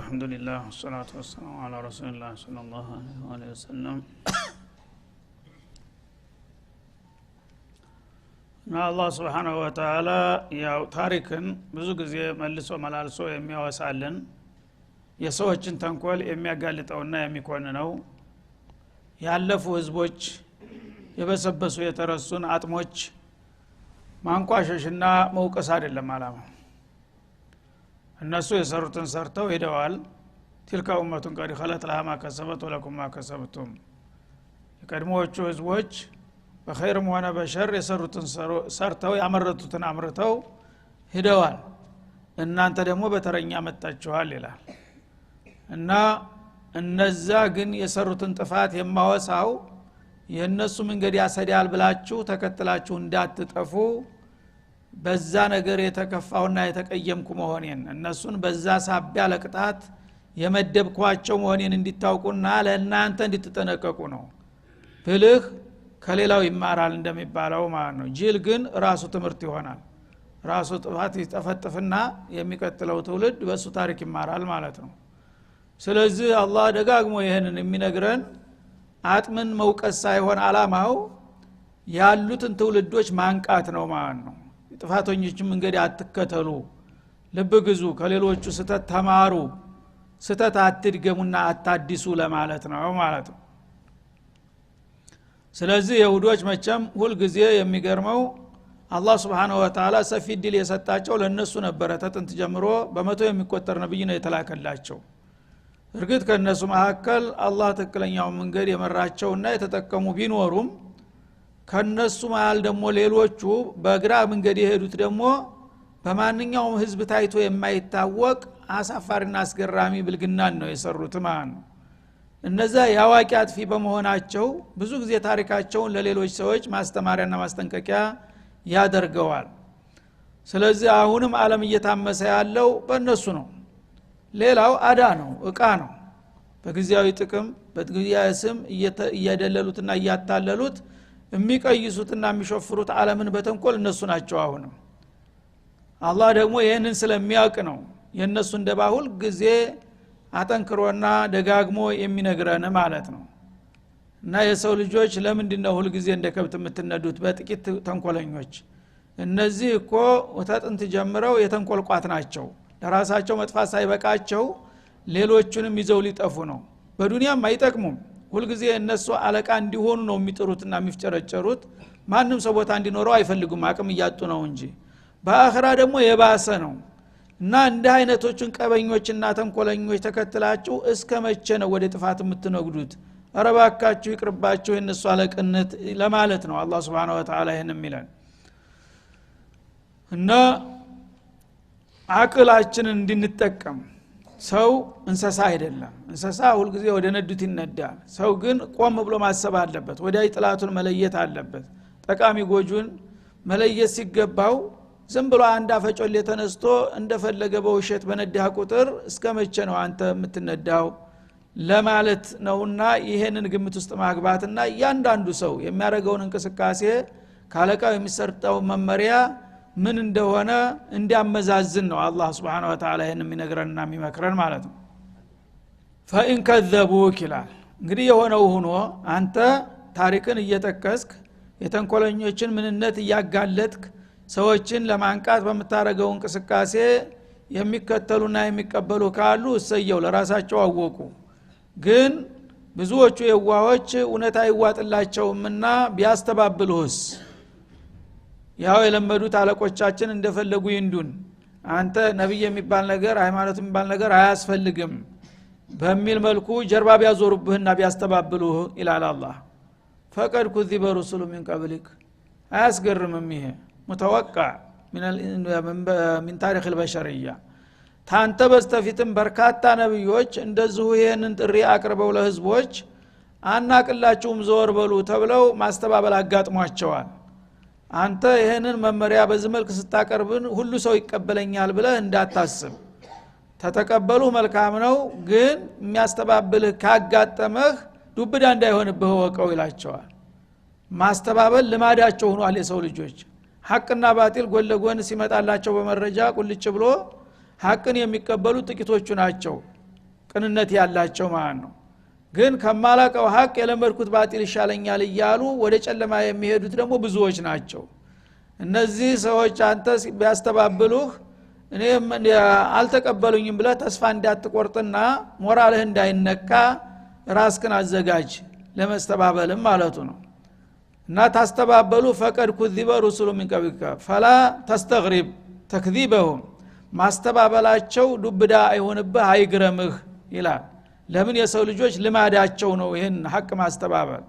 አልሐምዱሊላህ ወሰላቱ ወሰላሙ አላ ረሱሊላህ ሰለላሁ ዐለይሂ ወሰለም እና አላህ ስብሓናሁ ወተላ ያው ታሪክን ብዙ ጊዜ መልሶ መላልሶ የሚያወሳልን የሰዎችን ተንኮል የሚያጋልጠውና የሚኮንነው ያለፉ ህዝቦች የበሰበሱ የተረሱን አጥሞች ማንቋሸሽና መውቀስ አይደለም አላማው እነሱ የሰሩትን ሰርተው ሄደዋል ትልካ ኡመቱን ቀድ ከለት ለሃ ማከሰበት ወለኩም ማከሰብቱም የቀድሞዎቹ ህዝቦች በኸይርም ሆነ በሸር የሰሩትን ሰርተው ያመረቱትን አምርተው ሂደዋል እናንተ ደግሞ በተረኛ መጣችኋል ይላል እና እነዛ ግን የሰሩትን ጥፋት የማወሳው የእነሱ መንገድ ያሰዳል ብላችሁ ተከትላችሁ እንዳትጠፉ በዛ ነገር የተከፋውና የተቀየምኩ መሆኔን እነሱን በዛ ሳቢያ ለቅጣት የመደብኳቸው መሆኔን እንዲታውቁና ለእናንተ እንድትጠነቀቁ ነው ብልህ ከሌላው ይማራል እንደሚባለው ማለት ነው ጅል ግን ራሱ ትምህርት ይሆናል ራሱ ጥፋት ይጠፈጥፍና የሚቀጥለው ትውልድ በእሱ ታሪክ ይማራል ማለት ነው ስለዚህ አላህ ደጋግሞ ይህንን የሚነግረን አጥምን መውቀስ ሳይሆን አላማው ያሉትን ትውልዶች ማንቃት ነው ማለት ነው ጥፋተኞች መንገድ አትከተሉ ልብ ግዙ ከሌሎቹ ስተት ተማሩ ስተት አትድገሙና አታዲሱ ለማለት ነው ማለት ነው ስለዚህ የሁዶች መቸም ሁልጊዜ የሚገርመው አላህ ስብን ወተላ ሰፊ ድል የሰጣቸው ለእነሱ ነበረ ተጥንት ጀምሮ በመቶ የሚቆጠር ነብይ ነው የተላከላቸው እርግጥ ከእነሱ መካከል አላህ ትክክለኛው መንገድ የመራቸውና የተጠቀሙ ቢኖሩም ከነሱ መሃል ደግሞ ሌሎቹ በግራ መንገድ የሄዱት ደግሞ በማንኛውም ህዝብ ታይቶ የማይታወቅ አሳፋሪና አስገራሚ ብልግናን ነው የሰሩት ማለት ነው እነዛ የአዋቂ አጥፊ በመሆናቸው ብዙ ጊዜ ታሪካቸውን ለሌሎች ሰዎች ማስተማሪያና ማስጠንቀቂያ ያደርገዋል ስለዚህ አሁንም አለም እየታመሰ ያለው በእነሱ ነው ሌላው አዳ ነው እቃ ነው በጊዜያዊ ጥቅም በጊዜያዊ ስም እያደለሉትና እያታለሉት የሚቀይሱትና የሚሾፍሩት አለምን በተንኮል እነሱ ናቸው አሁንም አላህ ደግሞ ይህንን ስለሚያውቅ ነው የእነሱ እንደ ባሁል ጊዜ አጠንክሮና ደጋግሞ የሚነግረን ማለት ነው እና የሰው ልጆች ለምንድ ነው ሁልጊዜ እንደ ከብት የምትነዱት በጥቂት ተንኮለኞች እነዚህ እኮ ወተጥንት ጀምረው የተንቆልቋት ናቸው ለራሳቸው መጥፋት ሳይበቃቸው ሌሎቹንም ይዘው ሊጠፉ ነው በዱንያም አይጠቅሙም ሁልጊዜ እነሱ አለቃ እንዲሆኑ ነው የሚጥሩትና የሚፍጨረጨሩት ማንም ሰው ቦታ እንዲኖረው አይፈልጉም አቅም እያጡ ነው እንጂ በአኸራ ደግሞ የባሰ ነው እና እንደ አይነቶቹን ቀበኞችና ተንኮለኞች ተከትላችሁ እስከ መቼ ነው ወደ ጥፋት የምትነጉዱት ረባካችሁ ይቅርባችሁ የእነሱ አለቅነት ለማለት ነው አላ ስብን ወተላ ይህን የሚለን እና አቅላችንን እንድንጠቀም ሰው እንሰሳ አይደለም እንሰሳ ሁልጊዜ ወደ ነዱት ይነዳል ሰው ግን ቆም ብሎ ማሰብ አለበት ወዳጅ ጥላቱን መለየት አለበት ጠቃሚ ጎጁን መለየት ሲገባው ዝም ብሎ አንድ አፈጮሌ ተነስቶ እንደፈለገ በውሸት በነዳህ ቁጥር እስከ መቼ ነው አንተ የምትነዳው ለማለት ነውና ይሄንን ግምት ውስጥ ማግባትና እያንዳንዱ ሰው የሚያደርገውን እንቅስቃሴ ካለቃው የሚሰርጠው መመሪያ ምን እንደሆነ እንዲያመዛዝን ነው አላህ ስብን ወተላ ይህን የሚነግረንና የሚመክረን ማለት ነው ፈኢን ከዘቡክ ይላል እንግዲህ የሆነው ሁኖ አንተ ታሪክን እየጠቀስክ የተንኮለኞችን ምንነት እያጋለጥክ ሰዎችን ለማንቃት በምታደረገው እንቅስቃሴ የሚከተሉና የሚቀበሉ ካሉ እሰየው ለራሳቸው አወቁ ግን ብዙዎቹ የዋዎች እውነት አይዋጥላቸውምና ቢያስተባብልህስ ያው የለመዱት አለቆቻችን እንደፈለጉ ይንዱን አንተ ነቢይ የሚባል ነገር ሃይማኖት የሚባል ነገር አያስፈልግም በሚል መልኩ ጀርባ ቢያዞሩብህና ቢያስተባብሉህ ይላል አላ ፈቀድ ኩዚበ ሩሱሉ ሚን ቀብሊክ አያስገርምም ይሄ ሙተወቃ ሚን ታሪክ ልበሸርያ ታንተ በስተፊትም በርካታ ነቢዮች እንደዚሁ ይህንን ጥሪ አቅርበው ለህዝቦች አናቅላችሁም ዘወር በሉ ተብለው ማስተባበል አጋጥሟቸዋል አንተ ይህንን መመሪያ በዚህ መልክ ስታቀርብን ሁሉ ሰው ይቀበለኛል ብለህ እንዳታስብ ተተቀበሉ መልካም ነው ግን የሚያስተባብልህ ካጋጠመህ ዱብዳ እንዳይሆንብህ ወቀው ይላቸዋል ማስተባበል ልማዳቸው ሆኗል የሰው ልጆች ሀቅና ባጢል ጎን ለጎን ሲመጣላቸው በመረጃ ቁልጭ ብሎ ሀቅን የሚቀበሉ ጥቂቶቹ ናቸው ቅንነት ያላቸው ማለት ነው ግን ከማላቀው ሀቅ የለመድኩት ባጢል ይሻለኛል እያሉ ወደ ጨለማ የሚሄዱት ደግሞ ብዙዎች ናቸው እነዚህ ሰዎች አንተ ቢያስተባብሉህ እኔም አልተቀበሉኝም ብለ ተስፋ እንዳትቆርጥና ሞራልህ እንዳይነካ ራስክን አዘጋጅ ለመስተባበልም ማለቱ ነው እና ታስተባበሉ ፈቀድ ኩዚበ ሩሱሉ ሚንቀብከ ፈላ ተስተሪብ ተክዚበሁም ማስተባበላቸው ዱብዳ አይሆንብህ አይግረምህ ይላል ለምን የሰው ልጆች ልማዳቸው ነው ይህን ሀቅ ማስተባበል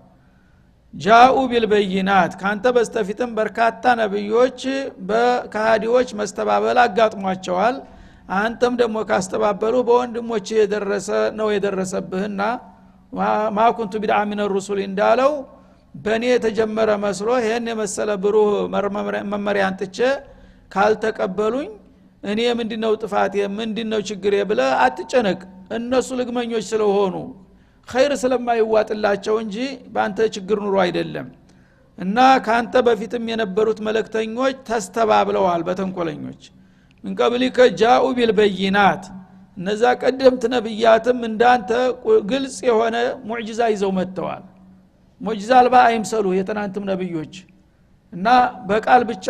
ጃኡ ቢልበይናት ካንተ በስተፊትም በርካታ ነቢዮች በካሃዲዎች መስተባበል አጋጥሟቸዋል አንተም ደግሞ ካስተባበሉ በወንድሞች የደረሰ ነው የደረሰብህና ማኩንቱ ቢድዓ ሚን ሩሱል እንዳለው በእኔ የተጀመረ መስሎ ይህን የመሰለ ብሩህ መመሪያ አንጥቼ ካልተቀበሉኝ እኔ ምንድነው ጥፋቴ ምንድነው ችግሬ ብለ አትጨነቅ እነሱ ልግመኞች ስለሆኑ ኸይር ስለማይዋጥላቸው እንጂ በአንተ ችግር ኑሮ አይደለም እና ከአንተ በፊትም የነበሩት መለክተኞች ተስተባብለዋል በተንኮለኞች ምንቀብሊከ ጃኡ ቢልበይናት እነዛ ቀደምት ነብያትም እንዳንተ ግልጽ የሆነ ሙዕጅዛ ይዘው መጥተዋል ሙዕጅዛ አልባ አይምሰሉ የትናንትም ነብዮች እና በቃል ብቻ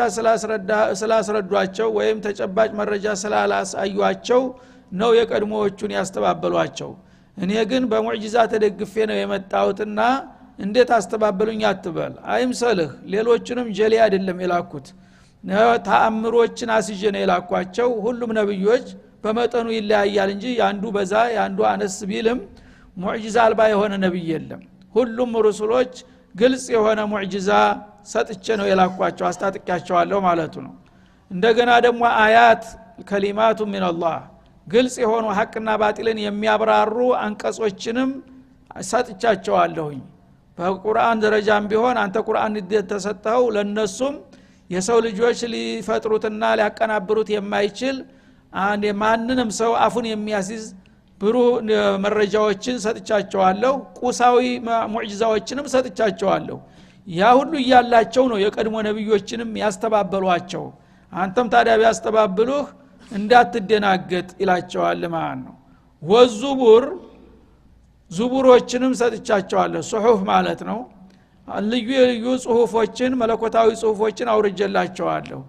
ስላስረዷቸው ወይም ተጨባጭ መረጃ ስላላሳዩቸው ነው የቀድሞዎቹን ያስተባበሏቸው እኔ ግን በሙዕጅዛ ተደግፌ ነው የመጣሁትና እንዴት አስተባበሉኝ አትበል አይምሰልህ ሌሎችንም ጀሌ አይደለም የላኩት ተአምሮችን አስይዤ ነው የላኳቸው ሁሉም ነብዮች በመጠኑ ይለያያል እንጂ የአንዱ በዛ የአንዱ አነስ ቢልም ሙዕጅዛ አልባ የሆነ ነቢይ የለም ሁሉም ሩሱሎች ግልጽ የሆነ ሙዕጅዛ ሰጥቼ ነው የላኳቸው አስታጥቂያቸዋለሁ ማለቱ ነው እንደገና ደግሞ አያት ከሊማቱ ሚንላህ ግልጽ የሆኑ ሀቅና ባጢልን የሚያብራሩ አንቀጾችንም ሰጥቻቸዋለሁኝ በቁርአን ደረጃም ቢሆን አንተ ቁርአን ተሰጠኸው ለነሱም የሰው ልጆች ሊፈጥሩትና ሊያቀናብሩት የማይችል ማንንም ሰው አፉን የሚያስይዝ ብሩህ መረጃዎችን ሰጥቻቸዋለሁ ቁሳዊ ሙዕጅዛዎችንም ሰጥቻቸዋለሁ ያ ሁሉ እያላቸው ነው የቀድሞ ነቢዮችንም ያስተባበሏቸው አንተም ታዲያ ቢያስተባብሉህ እንዳትደናገጥ ይላቸዋል ማለት ነው ወዙቡር ዙቡሮችንም ሰጥቻቸዋለሁ ጽሑፍ ማለት ነው ልዩ ልዩ ጽሁፎችን መለኮታዊ ጽሁፎችን አውርጀላቸዋለሁ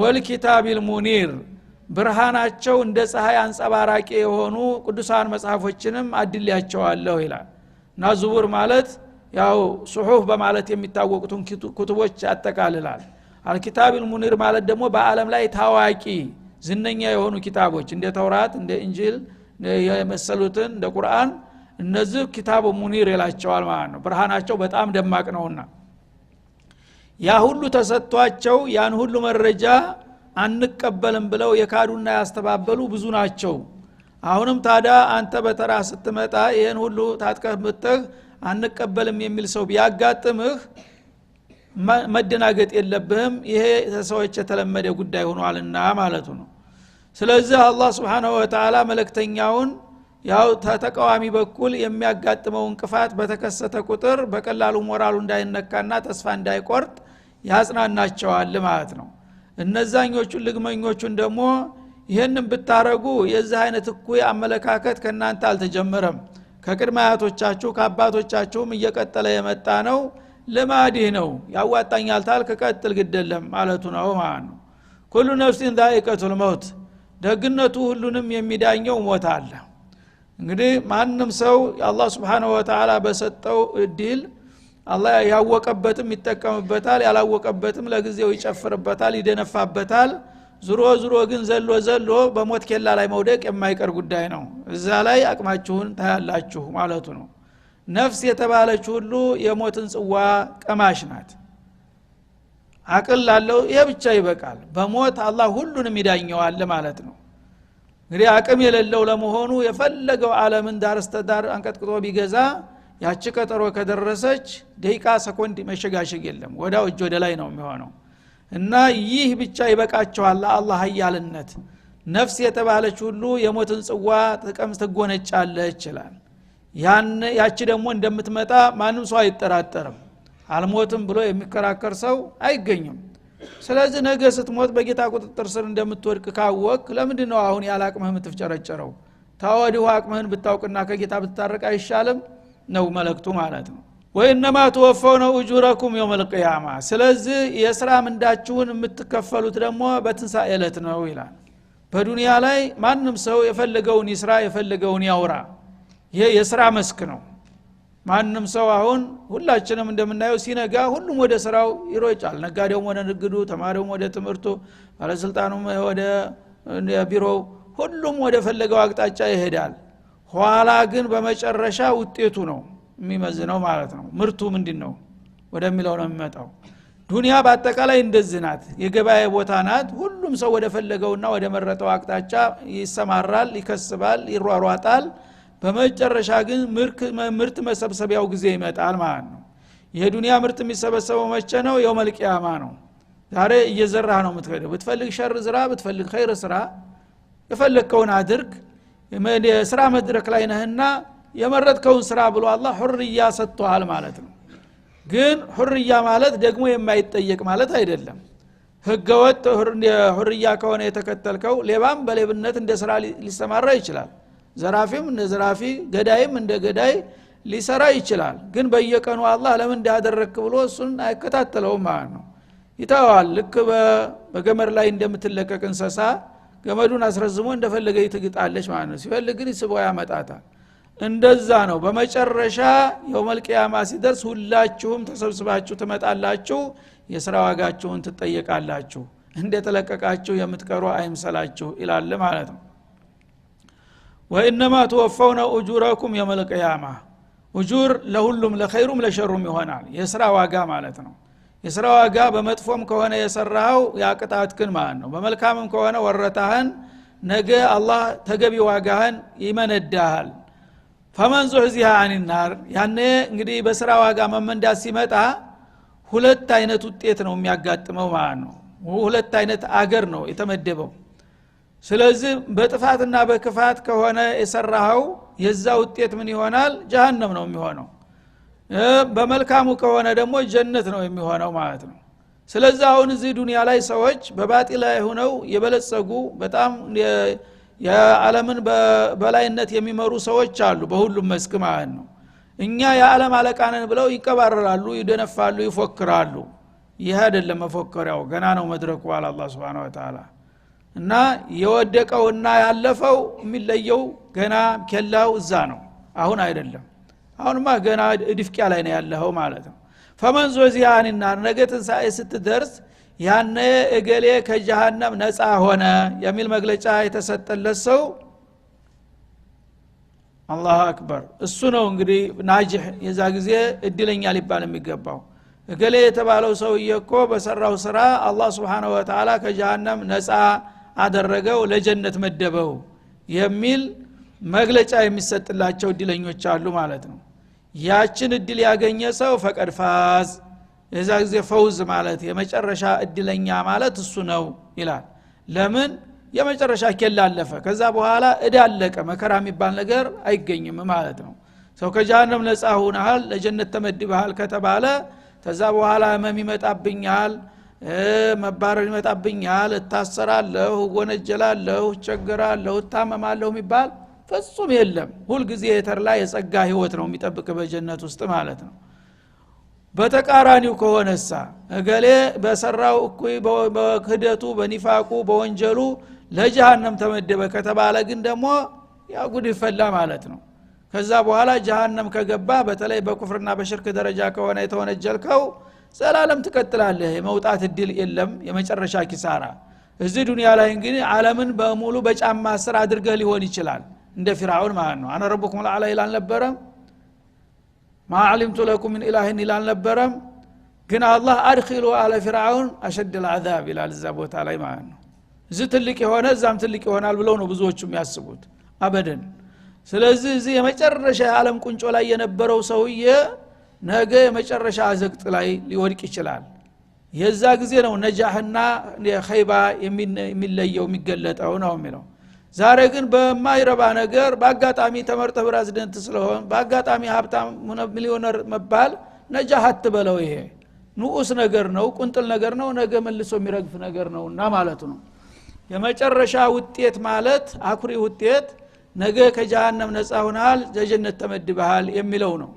ወልኪታብ ልሙኒር ብርሃናቸው እንደ ፀሐይ አንጸባራቂ የሆኑ ቅዱሳን መጽሐፎችንም አድልያቸዋለሁ ይላል እና ዙቡር ማለት ያው ጽሑፍ በማለት የሚታወቁትን ኩቱቦች ያጠቃልላል አልኪታብ ልሙኒር ማለት ደግሞ በአለም ላይ ታዋቂ ዝነኛ የሆኑ ኪታቦች እንደ ተውራት እንደ እንጅል የመሰሉትን እንደ ቁርአን እነዚህ ኪታቡ ሙኒር ይላቸዋል ማለት ነው ብርሃናቸው በጣም ደማቅ ነውና ያ ሁሉ ተሰጥቷቸው ያን ሁሉ መረጃ አንቀበልም ብለው የካዱና ያስተባበሉ ብዙ ናቸው አሁንም ታዲያ አንተ በተራ ስትመጣ ይህን ሁሉ ታጥቀህ ምጥህ አንቀበልም የሚል ሰው ቢያጋጥምህ መደናገጥ የለብህም ይሄ ሰዎች የተለመደ ጉዳይ ሆኗልና ማለቱ ነው ስለዚህ አላህ ስብሓናሁ ወተላ መለክተኛውን ያው ተተቃዋሚ በኩል የሚያጋጥመው እንቅፋት በተከሰተ ቁጥር በቀላሉ ሞራሉ እንዳይነካና ተስፋ እንዳይቆርጥ ያጽናናቸዋል ማለት ነው እነዛኞቹን ልግመኞቹን ደግሞ ይህንን ብታረጉ የዚህ አይነት እኩይ አመለካከት ከእናንተ አልተጀመረም ከቅድመ አያቶቻችሁ ከአባቶቻችሁም እየቀጠለ የመጣ ነው ልማዲህ ነው ያዋጣኛል ታል ከቀጥል ግደለም ማለቱ ነው ማለት ነው ኩሉ ነፍሲን ዛኢቀቱል መውት ደግነቱ ሁሉንም የሚዳኘው ሞት አለ እንግዲህ ማንም ሰው አላ ስብንሁ ወተላ በሰጠው እድል አላ ያወቀበትም ይጠቀምበታል ያላወቀበትም ለጊዜው ይጨፍርበታል ይደነፋበታል ዝሮ ዝሮ ግን ዘሎ ዘሎ በሞት ኬላ ላይ መውደቅ የማይቀር ጉዳይ ነው እዛ ላይ አቅማችሁን ታያላችሁ ማለቱ ነው ነፍስ የተባለች ሁሉ የሞትን ጽዋ ቀማሽ ናት አቅል ላለው ይሄ ብቻ ይበቃል በሞት አላ ሁሉንም ይዳኘዋል ማለት ነው እንግዲህ አቅም የሌለው ለመሆኑ የፈለገው አለምን ዳርስተዳር አንቀጥቅጦ ቢገዛ ያቺ ቀጠሮ ከደረሰች ደቂቃ ሰኮንድ መሸጋሸግ የለም ወዳው እጅ ወደ ላይ ነው የሚሆነው እና ይህ ብቻ ይበቃቸዋል ለአላህ ሀያልነት ነፍስ የተባለች ሁሉ የሞትን ጽዋ ጥቀም ትጎነጫለ ይችላል ያቺ ደግሞ እንደምትመጣ ማንም ሰው አይጠራጠርም አልሞትም ብሎ የሚከራከር ሰው አይገኝም ስለዚህ ነገ ስትሞት በጌታ ቁጥጥር ስር እንደምትወድቅ ካወቅ ለምንድ ነው አሁን ያለ አቅምህ የምትፍጨረጨረው ታወዲሁ አቅምህን ብታውቅና ከጌታ ብትታረቅ አይሻልም ነው መለክቱ ማለት ነው ወይነማ ትወፈው ነው እጁረኩም የውም ስለዚህ የስራ ምንዳችሁን የምትከፈሉት ደግሞ በትንሣኤ ዕለት ነው ይላል በዱንያ ላይ ማንም ሰው የፈለገውን ይስራ የፈለገውን ያውራ ይሄ የስራ መስክ ነው ማንም ሰው አሁን ሁላችንም እንደምናየው ሲነጋ ሁሉም ወደ ስራው ይሮጫል ነጋዴውም ወደ ንግዱ ተማሪውም ወደ ትምህርቱ ባለስልጣኑም ወደ ቢሮው ሁሉም ወደ ፈለገው አቅጣጫ ይሄዳል ኋላ ግን በመጨረሻ ውጤቱ ነው የሚመዝነው ማለት ነው ምርቱ ምንድን ነው ወደሚለው ነው የሚመጣው ዱኒያ በአጠቃላይ እንደዚህ ናት የገበያ ቦታ ናት ሁሉም ሰው ወደ ፈለገውና ወደ መረጠው አቅጣጫ ይሰማራል ይከስባል ይሯሯጣል በመጨረሻ ግን ምርት መሰብሰቢያው ጊዜ ይመጣል ማለት ነው ይሄ ዱኒያ ምርት የሚሰበሰበው መቸ ነው የው መልቅያማ ነው ዛሬ እየዘራህ ነው የምትሄደው ብትፈልግ ሸር ዝራ ብትፈልግ ኸይር ስራ የፈለግከውን አድርግ የስራ መድረክ ላይ ነህና የመረጥከውን ስራ ብሎ አላ ሁርያ ሰጥተዋል ማለት ነው ግን ሁርያ ማለት ደግሞ የማይጠየቅ ማለት አይደለም ህገወጥ ሁርያ ከሆነ የተከተልከው ሌባም በሌብነት እንደ ስራ ሊሰማራ ይችላል ዘራፊም እንደ ዘራፊ ገዳይም እንደ ገዳይ ሊሰራ ይችላል ግን በየቀኑ አላህ ለምን እንዳደረግክ ብሎ እሱን አይከታተለውም ማለት ነው ይተዋል ልክ በገመድ ላይ እንደምትለቀቅ እንሰሳ ገመዱን አስረዝሞ እንደፈለገ ትግጣለች ማለት ነው ሲፈልግ ግን ስቦ ያመጣታል እንደዛ ነው በመጨረሻ የውመልቅያማ ሲደርስ ሁላችሁም ተሰብስባችሁ ትመጣላችሁ የስራ ዋጋችሁን ትጠየቃላችሁ እንደተለቀቃችሁ የምትቀሩ አይምሰላችሁ ይላል ማለት ነው ወኢነማ ትወፋውነ ኡጁረኩም የመልቅያማ ኡጁር ለሁሉም ለኸይሩም ለሸሩም ይሆናል የስራ ዋጋ ማለት ነው የስራ ዋጋ በመጥፎም ከሆነ የሰራኸው ያቅጣትክን ማለት ነው በመልካምም ከሆነ ወረታህን ነገ አላህ ተገቢ ዋጋህን ይመነዳሃል ፈመን ዙሕዚሃ አኒናር ያነ እንግዲህ በስራ ዋጋ መመንዳት ሲመጣ ሁለት አይነት ውጤት ነው የሚያጋጥመው ማለት ነው ሁለት አይነት አገር ነው የተመደበው ስለዚህ በጥፋትና በክፋት ከሆነ የሰራኸው የዛ ውጤት ምን ይሆናል ጀሃነም ነው የሚሆነው በመልካሙ ከሆነ ደግሞ ጀነት ነው የሚሆነው ማለት ነው ስለዚህ አሁን እዚህ ዱኒያ ላይ ሰዎች በባጢ ላይ ሆነው የበለጸጉ በጣም የዓለምን በላይነት የሚመሩ ሰዎች አሉ በሁሉም መስክ ማለት ነው እኛ የዓለም አለቃነን ብለው ይቀባረራሉ ይደነፋሉ ይፎክራሉ ይህ አይደለም መፎከሪያው ገና ነው መድረኩ አላ አላ ስብን እና የወደቀውና ያለፈው የሚለየው ገና ኬላው እዛ ነው አሁን አይደለም አሁንማ ገና እድፍቂያ ላይ ነው ያለኸው ማለት ነው ፈመን ዞዚያንና ነገ ትንሣኤ ስትደርስ ያነ እገሌ ከጀሃነም ነፃ ሆነ የሚል መግለጫ የተሰጠለት ሰው አላህ አክበር እሱ ነው እንግዲህ ናጅሕ የዛ ጊዜ እድለኛ ሊባል የሚገባው እገሌ የተባለው ሰውዬ እኮ በሰራው ስራ አላህ ስብሓነ ወተላ ከጀሃነም ነፃ አደረገው ለጀነት መደበው የሚል መግለጫ የሚሰጥላቸው እድለኞች አሉ ማለት ነው ያችን እድል ያገኘ ሰው ፈቀድ ፋዝ የዛ ጊዜ ፈውዝ ማለት የመጨረሻ እድለኛ ማለት እሱ ነው ይላል ለምን የመጨረሻ ኬላ አለፈ ከዛ በኋላ እዳ አለቀ መከራ የሚባል ነገር አይገኝም ማለት ነው ሰው ከጀሃነም ነፃ ሁናሃል ለጀነት ተመድበሃል ከተባለ ከዛ በኋላ ህመም ይመጣብኛል መባረር ይመጣብኛል፣ እታሰራለሁ፣ እወነጀላለሁ፣ እቸገራለሁ፣ እታመማለሁ የሚባል ፍጹም የለም። ሁልጊዜ የተርላ የጸጋ ህይወት ነው የሚጠብቅ በጀነት ውስጥ ማለት ነው። በተቃራኒው ከሆነሳ እገሌ በሰራው እኩይ በክደቱ በኒፋቁ በወንጀሉ ለጀሃነም ተመደበ ከተባለ ግን ደግሞ ያጉድ ይፈላ ማለት ነው። ከዛ በኋላ ጀሃነም ከገባ በተለይ በኩፍርና በሽርክ ደረጃ ከሆነ የተወነጀልከው ዘላለም ትቀጥላለህ የመውጣት እድል የለም የመጨረሻ ኪሳራ እዚህ ዱኒያ ላይ እንግዲህ አለምን በሙሉ በጫማ ስር አድርገህ ሊሆን ይችላል እንደ ፊራውን ማለት ነው አነ ረቡኩም ልአላ ይል አልነበረም ማ አሊምቱ ለኩም ምን ኢላህን ይል አልነበረም ግን አላህ አድኪሉ አለ ፊርዓውን አሸድ ልአዛብ ይላል እዛ ቦታ ላይ ማለት ነው እዚህ ትልቅ የሆነ እዛም ትልቅ ይሆናል ብለው ነው ብዙዎቹ የሚያስቡት አበደን ስለዚህ እዚህ የመጨረሻ የዓለም ቁንጮ ላይ የነበረው ሰውዬ ነገ የመጨረሻ አዘግጥ ላይ ሊወድቅ ይችላል የዛ ጊዜ ነው ነጃህና ኸይባ የሚለየው የሚገለጠው ነው የሚለው ዛሬ ግን በማይረባ ነገር በአጋጣሚ ተመርጠ ፕሬዚደንት ስለሆን በአጋጣሚ ሀብታም ሚሊዮነር መባል ነጃህ አትበለው ይሄ ንዑስ ነገር ነው ቁንጥል ነገር ነው ነገ መልሶ የሚረግፍ ነገር ነው እና ማለት ነው የመጨረሻ ውጤት ማለት አኩሪ ውጤት ነገ ከጀሃነም ነፃ ሁናል ለጀነት ተመድበሃል የሚለው ነው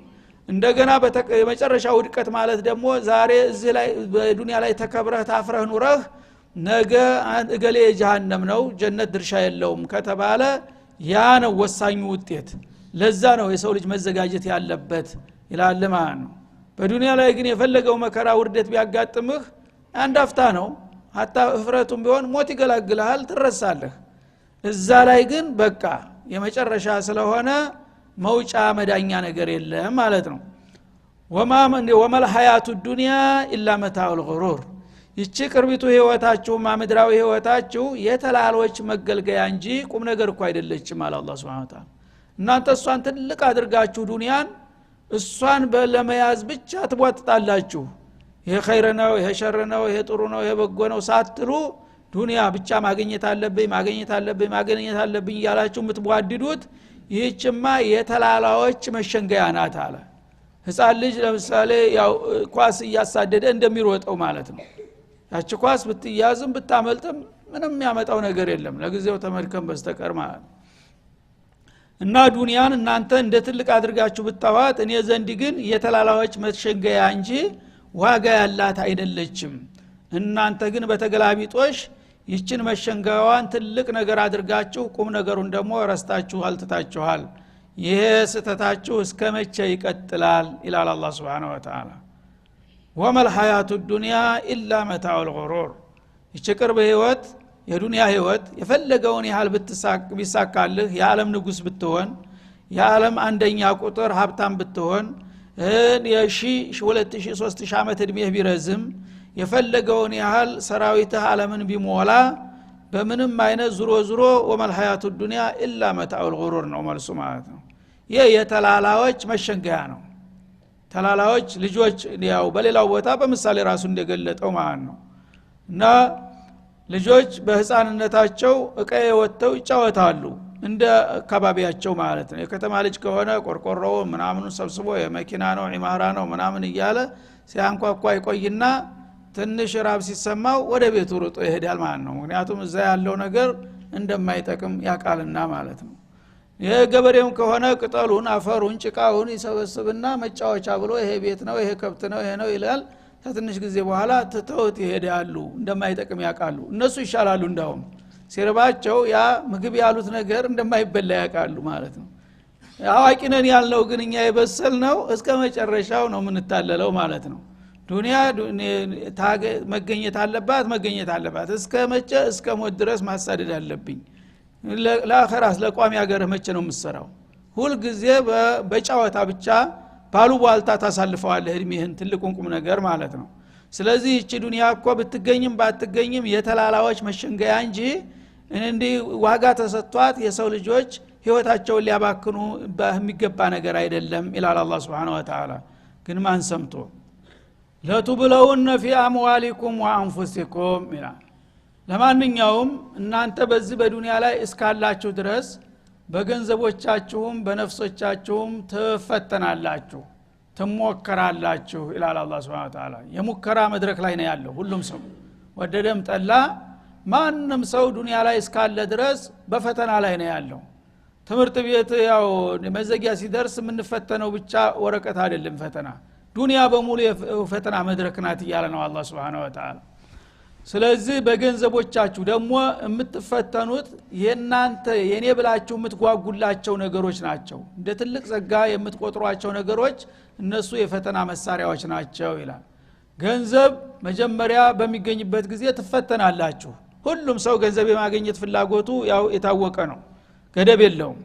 እንደገና የመጨረሻ ውድቀት ማለት ደግሞ ዛሬ እዚህ ላይ በዱኒያ ላይ ተከብረህ ታፍረህ ኑረህ ነገ እገሌ የጀሃነም ነው ጀነት ድርሻ የለውም ከተባለ ያ ነው ወሳኙ ውጤት ለዛ ነው የሰው ልጅ መዘጋጀት ያለበት ይላል ማለት ነው በዱኒያ ላይ ግን የፈለገው መከራ ውርደት ቢያጋጥምህ አንድ አፍታ ነው አታ እፍረቱም ቢሆን ሞት ይገላግልሃል ትረሳለህ እዛ ላይ ግን በቃ የመጨረሻ ስለሆነ መውጫ መዳኛ ነገር የለም ማለት ነው ወመልሀያቱ ዱኒያ ኢላ መታውል ጉሩር ይቺ ቅርቢቱ ህይወታችሁማ ምድራዊ ህይወታችሁ የተላሎች መገልገያ እንጂ ቁም ነገር እኳ አይደለችም አለ አላ ስብን ታላ እናንተ እሷን ትልቅ አድርጋችሁ ዱኒያን እሷን ለመያዝ ብቻ ትቧጥጣላችሁ ይሄ ኸይር ነው ይሄ ሸር ነው ይሄ ጥሩ ነው ይሄ በጎ ነው ሳትሉ ዱኒያ ብቻ ማግኘት አለብኝ ማግኘት አለብኝ ማግኘት አለብኝ እያላችሁ የምትቧድዱት ይህችማ የተላላዎች መሸንገያ ናት አለ ህፃን ልጅ ለምሳሌ ያው ኳስ እያሳደደ እንደሚሮጠው ማለት ነው ያች ኳስ ብትያዝም ብታመልጥም ምንም ያመጣው ነገር የለም ለጊዜው ተመድከም በስተቀር ማለት ነው እና ዱንያን እናንተ እንደ ትልቅ አድርጋችሁ ብታዋት እኔ ዘንድ ግን የተላላዎች መሸንገያ እንጂ ዋጋ ያላት አይደለችም እናንተ ግን በተገላቢጦሽ ይችን መሸንገዋን ትልቅ ነገር አድርጋችሁ ቁም ነገሩን ደግሞ ረስታችሁ አልትታችኋል ይሄ ስህተታችሁ እስከ መቼ ይቀጥላል ይላል አላ ስብን ወተላ ወመል ሀያቱ ዱኒያ ኢላ መታው ልغሩር ይች ቅርብ ህይወት የዱንያ ህይወት የፈለገውን ያህል ቢሳካልህ የዓለም ንጉስ ብትሆን የዓለም አንደኛ ቁጥር ሀብታም ብትሆን የሺ ሁለት ሺ ሶስት ሺ ዓመት ዕድሜህ ቢረዝም የፈለገውን ያህል ሰራዊትህ አለምን ቢሞላ በምንም አይነት ዙሮ ዝሮ ወመልሀያቱ ዱኒያ ኢላ መታኡል ጉሩር ነው መልሱ ማለት ነው ይህ የተላላዎች መሸንገያ ነው ተላላዎች ልጆች ያው በሌላው ቦታ በምሳሌ ራሱ እንደገለጠው ማለት ነው እና ልጆች በህፃንነታቸው እቀዬ ወጥተው ይጫወታሉ እንደ አካባቢያቸው ማለት ነው የከተማ ልጅ ከሆነ ቆርቆሮው ምናምኑ ሰብስቦ የመኪና ነው ዒማራ ነው ምናምን እያለ ሲያንኳኳ ይቆይና ትንሽ ራብ ሲሰማው ወደ ቤቱ ርጦ ይሄዳል ማለት ነው ምክንያቱም እዛ ያለው ነገር እንደማይጠቅም ያቃልና ማለት ነው ይህ ገበሬውም ከሆነ ቅጠሉን አፈሩን ጭቃውን ይሰበስብና መጫወቻ ብሎ ይሄ ቤት ነው ይሄ ከብት ነው ይሄ ነው ይላል ከትንሽ ጊዜ በኋላ ትተውት ይሄዳሉ እንደማይጠቅም ያውቃሉ እነሱ ይሻላሉ እንዳውም ሲርባቸው ያ ምግብ ያሉት ነገር እንደማይበላ ያውቃሉ ማለት ነው አዋቂ ነን ያልነው ግን እኛ የበሰል ነው እስከ መጨረሻው ነው የምንታለለው ማለት ነው ዱኒያ መገኘት አለባት መገኘት አለባት እስከ መቼ እስከ ሞት ድረስ ማሳደድ አለብኝ ለአኸራስ ለቋሚ ሀገር መቼ ነው የምትሰራው ሁልጊዜ በጨዋታ ብቻ ባሉ ቧልታ ታሳልፈዋለህ እድሜህን ትልቁን ቁም ነገር ማለት ነው ስለዚህ እቺ ዱኒያ እኮ ብትገኝም ባትገኝም የተላላዎች መሸንገያ እንጂ እንዲህ ዋጋ ተሰጥቷት የሰው ልጆች ህይወታቸውን ሊያባክኑ የሚገባ ነገር አይደለም ይላል አላ ስብን ወተላ ግን ማን ሰምቶ ለቱብለውነ ፊ አምዋሊኩም ወአንፉሲኩም ይላል ለማንኛውም እናንተ በዚህ በዱንያ ላይ እስካላችሁ ድረስ በገንዘቦቻችሁም በነፍሶቻችሁም ትፈተናላችሁ ትሞከራላችሁ ይላል አላ ስብን ተላ የሙከራ መድረክ ላይ ነው ያለው ሁሉም ሰው ወደደም ጠላ ማንም ሰው ዱንያ ላይ እስካለ ድረስ በፈተና ላይ ነው ያለው ትምህርት ቤት ያው መዘጊያ ሲደርስ የምንፈተነው ብቻ ወረቀት አይደለም ፈተና ዱንያ በሙሉ የፈተና መድረክ ናት እያለ ነው አላ ስብን ወተላ ስለዚህ በገንዘቦቻችሁ ደግሞ የምትፈተኑት የእናንተ የእኔ ብላችሁ የምትጓጉላቸው ነገሮች ናቸው እንደ ትልቅ ጸጋ የምትቆጥሯቸው ነገሮች እነሱ የፈተና መሳሪያዎች ናቸው ይላል ገንዘብ መጀመሪያ በሚገኝበት ጊዜ ትፈተናላችሁ ሁሉም ሰው ገንዘብ የማገኘት ፍላጎቱ ያው የታወቀ ነው ገደብ የለውም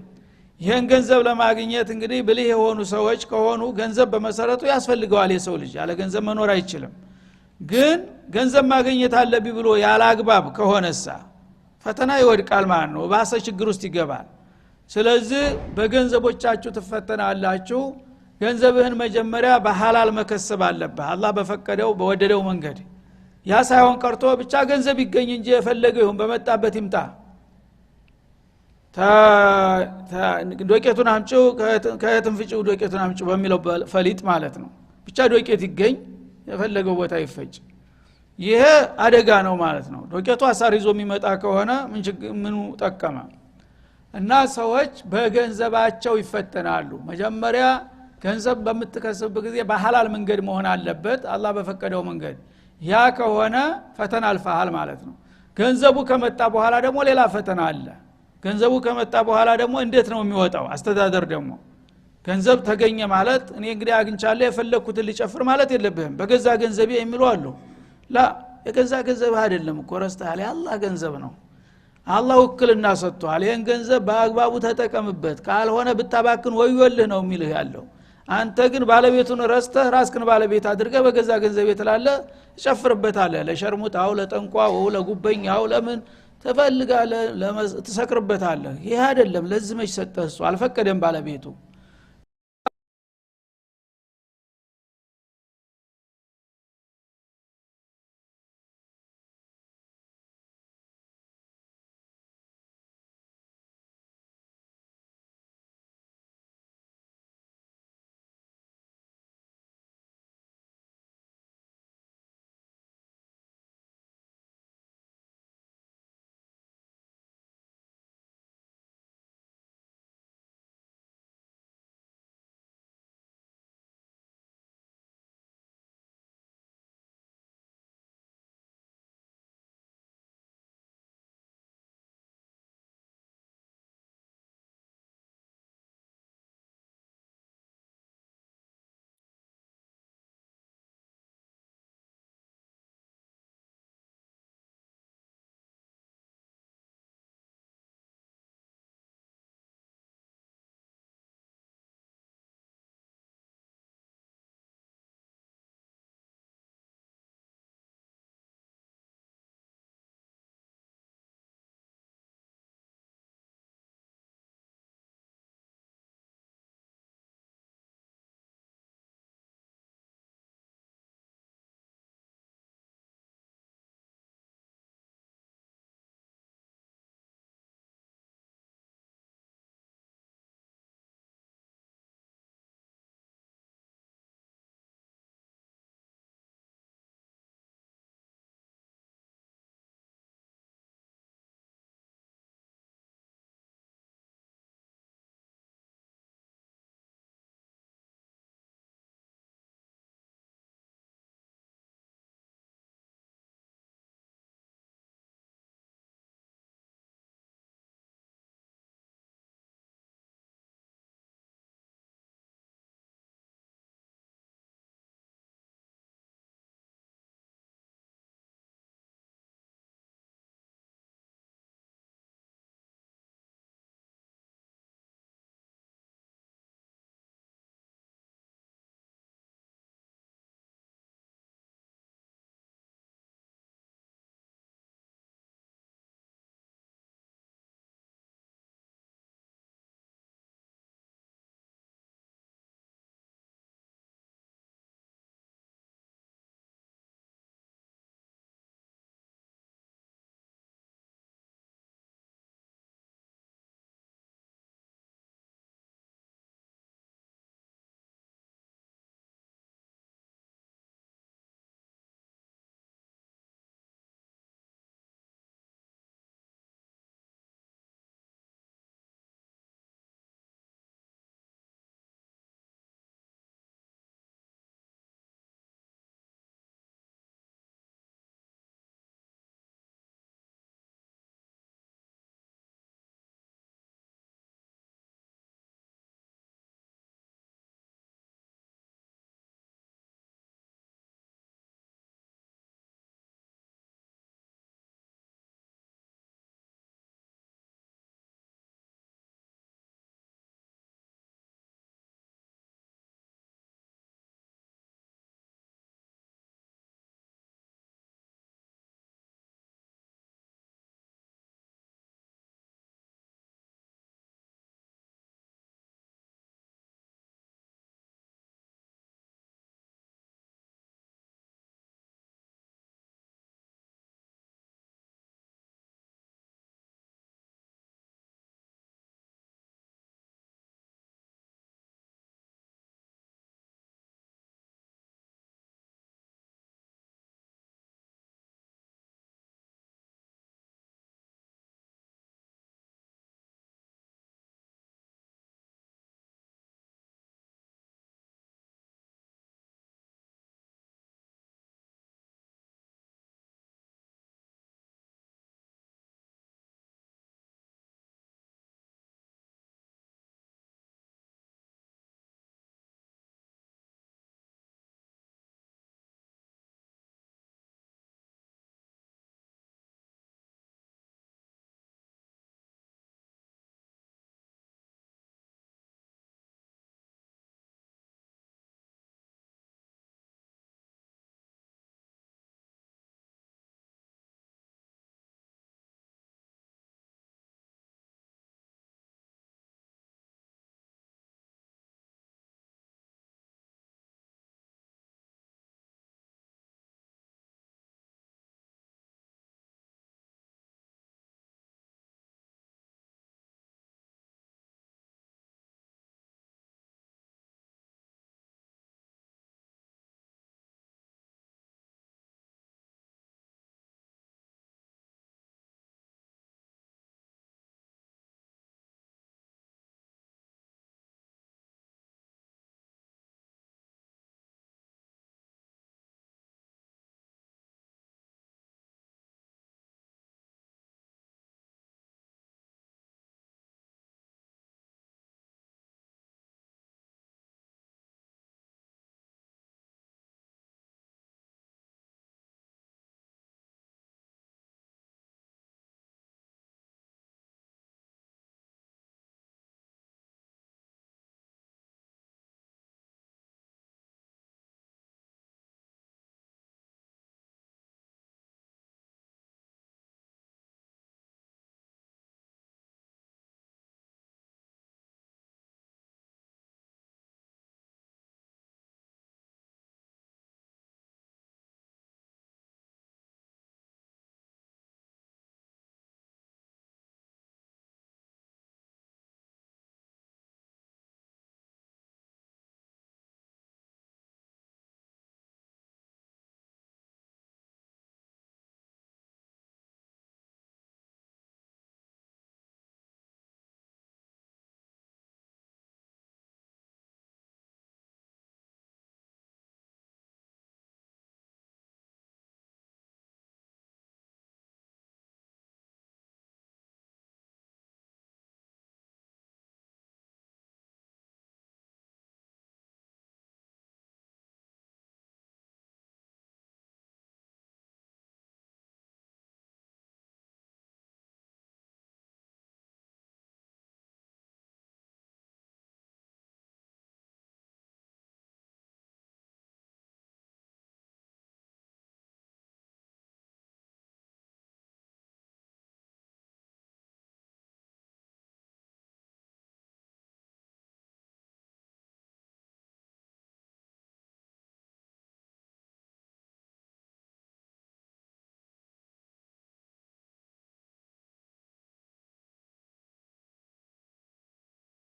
ይህን ገንዘብ ለማግኘት እንግዲህ ብልህ የሆኑ ሰዎች ከሆኑ ገንዘብ በመሰረቱ ያስፈልገዋል የሰው ልጅ ያለ ገንዘብ መኖር አይችልም ግን ገንዘብ ማግኘት አለብ ብሎ ያለ አግባብ ከሆነሳ ፈተና ይወድቃል ማለት ነው ባሰ ችግር ውስጥ ይገባል ስለዚህ በገንዘቦቻችሁ ትፈተናላችሁ ገንዘብህን መጀመሪያ በሀላል መከሰብ አለብህ አላህ በፈቀደው በወደደው መንገድ ያ ሳይሆን ቀርቶ ብቻ ገንዘብ ይገኝ እንጂ የፈለገው ይሁን በመጣበት ይምጣ ዶቄቱን አምጭ ከየትም ፍጭ ዶቄቱን አምጭ በሚለው ፈሊጥ ማለት ነው ብቻ ዶቄት ይገኝ የፈለገው ቦታ ይፈጭ ይሄ አደጋ ነው ማለት ነው ዶቄቱ አሳር ይዞ የሚመጣ ከሆነ ምኑ ጠቀመ እና ሰዎች በገንዘባቸው ይፈተናሉ መጀመሪያ ገንዘብ በምትከስብ ጊዜ በሀላል መንገድ መሆን አለበት አላ በፈቀደው መንገድ ያ ከሆነ ፈተና አልፈሃል ማለት ነው ገንዘቡ ከመጣ በኋላ ደግሞ ሌላ ፈተና አለ ገንዘቡ ከመጣ በኋላ ደግሞ እንዴት ነው የሚወጣው አስተዳደር ደግሞ ገንዘብ ተገኘ ማለት እኔ እንግዲህ አግኝቻለ የፈለግኩትን ልጨፍር ማለት የለብህም በገዛ ገንዘቤ የሚሉ አሉ ላ የገዛ ገንዘብ አይደለም እኮ ረስተሃል የአላህ ገንዘብ ነው አላህ ውክልና ሰጥቷል ይህን ገንዘብ በአግባቡ ተጠቀምበት ካልሆነ ብታባክን ወዮልህ ነው የሚልህ ያለው አንተ ግን ባለቤቱን ረስተህ ራስክን ባለቤት አድርገ በገዛ ገንዘብ የተላለ እጨፍርበታለ ለሸርሙጣው ለጠንቋው ለጉበኛው ለምን ተፈልጋ ትሰክርበታለህ ይህ አይደለም ለዚህ መች ሰጠህ እሱ አልፈቀደም ባለቤቱ